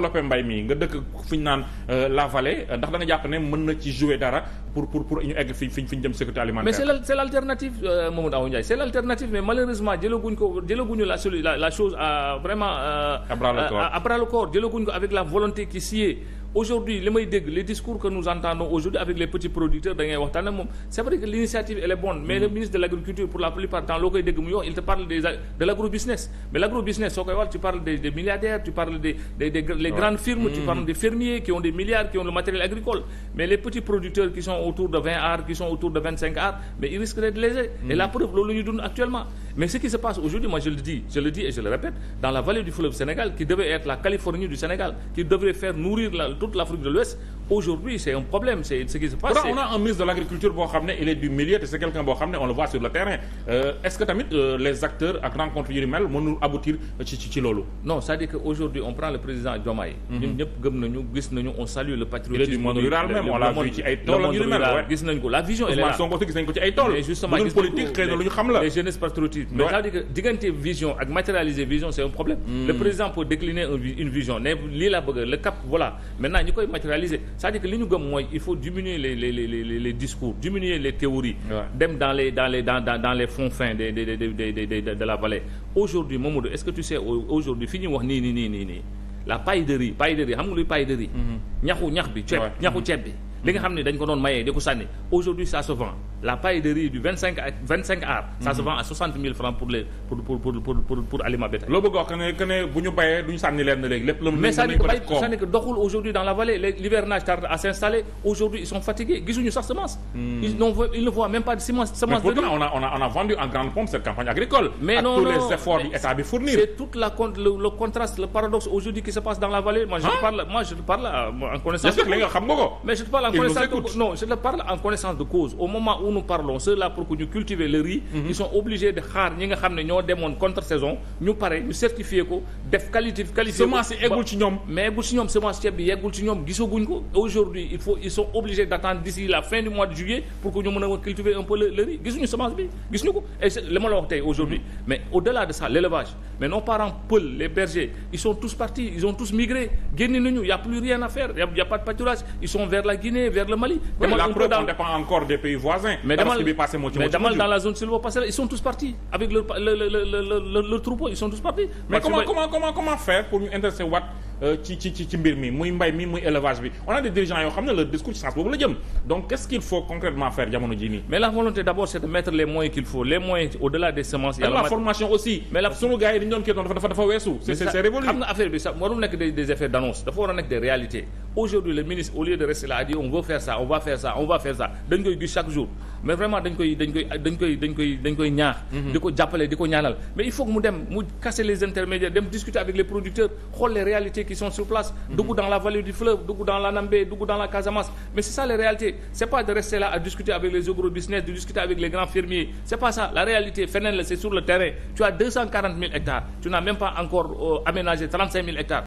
développé mbay mi nga dëkk fi ñu naan euh, la vallée euh, ndax da nga jàpp ne mën na ci jouer dara pour pour pour ñu egg fi ñu jëm sécurité alimentaire. mais c'est la c'est l'alternative euh, Mamadou Awa Ndiaye c'est l'alternative ko jëlaguñu la la chose vraiment. à bras jëlaguñ ko avec la volonté aujourd'hui li may dégg les discours que nous entendons aujourd'hui avec les petits producteurs da ngay waxtaan ak moom c'est que l'initiative elle le ministre de l'agriculture pour la plupart temps loo koy dégg muy parle de l'agrobusiness mais l'agrobusiness soo koy wax tu parles des milliardaires tu parles des les grandes firmes tu mm. parles des fermiers qui ont des milliards qui ont le matériel agricole mais les petits producteurs Mais ce qui se passe aujourd'hui, moi je le dis, et je le répète, dans la vallée du fleuve Sénégal, qui devait être la Californie du Sénégal, qui devrait faire nourrir la, toute l'Afrique de l'Ouest, aujourd'hui c'est un problème c'est ce qui se passe. on a un ministre de l'agriculture boo xam ne il est du milieu te c'est quelqu'un boo xam ne on le voit sur le terrain euh, est-ce que tamit euh, les acteurs ak rencontre yu ni mel mënul aboutir ci ci loolu. non c'est-à-dire que aujourd'hui on prend le président Diomaye. Mhm. ñun ñëpp gëm nañu gis nañu on salue le patriotisme. du monde rural même on l'a vision est là Sonko vision ak matérialiser cest dire que li ñu gëm mooy il faut diminuer les les les les, discours diminuer les théories. dem dans les dans les dans dans, dans de, de, de, de la vallée. aujourd'hui Mamadou est-ce que tu sais aujourd'hui fi ñuy wax nii nii nii nii nii la paille de riz paille de xam nga luy paille mm-hmm. ñaxu ñax bi ceeb ñaxu ceeb bi. li nga mm-hmm. xam ne dañ ko doon mayee di ko sànni aujourd'hui ça se la paille de riz du vingt cinq ak vingt cinq ar ça se mhm. vend à soixante mille francs pour les pour pour pour pour pour pour aliment bétail loo bëgg wax ne que ne bu ñu béyee du ñu sànni leen na léegi lépp la mais ça n'est que doxul aujourd'hui dans la vallée l'hivernage tarde à s'installer aujourd'hui ils sont fatigués gisuñu sax semence hmm. ils n'ont ils ne voient même pas de semence semence de riz on a on a on a vendu en grande pompe cette campagne agricole mais non tous les efforts du état bi fournir c'est toute la compte le contraste le paradoxe aujourd'hui qui se passe dans la vallée moi je parle moi je parle en connaissance de cause mais je parle en connaissance de cause au moment où nous parlons ceux pour que ñu cultiver le riz mhm. ils sont obligés de xaar ñi nga xam ne ñoo demoon contre saison ñu pare ñu certifié ko def qualité qualité semence yi eggul ci ñoom mais eggul ci ñoom semence ceeb bi yeggul ci ñoom gisaguñ ko aujourd'hui il faut ils sont obligés d'attendre d'ici la fin du mois de juillet pour que ñu mën cultiver un peu le, le riz gisuñu semence bi gisuñu ko et li ma la wax aujourd'hui mhm. mais au-delà de ça l'élevage mais demal mais demal dans la zone sylvo-pastorale ils sont tous partis avec leur le le le le leur troupeau ils sont tous partis. mais comment comment comment comment faire pour ñu intéresser waat Euh, ci ci ci mbir mi muy mbay mi muy élevage bi on a des dirigeants yoo xam ne leur discours sens boobu la jëm donc qu'est-ce qu'il faut concrètement faire jamono ji nii mais la volonté d'abord c'est de mettre les moyens qu'il faut les moyens au-delà des semences la formation aussi mais la sunu gars yi dañu doon kii dafa dafa weesu c'est c'est révolu xam nga affaire bi sax warul nekk des des d'annonce dafa war a nekk des réalités aujourd'hui qui sont sur place. dugg dans la vallée du fleuve dugg dans la Nambé dugg dans la Casamance mais c'est ça les réalités c'est pas de rester là à discuter avec les gros business de discuter avec les grands fermiers c'est pas ça la réalité feneen la c'est sur le terrain tu as 240 000 hectares tu n'as même pas encore euh, aménagé 35 000 hectares.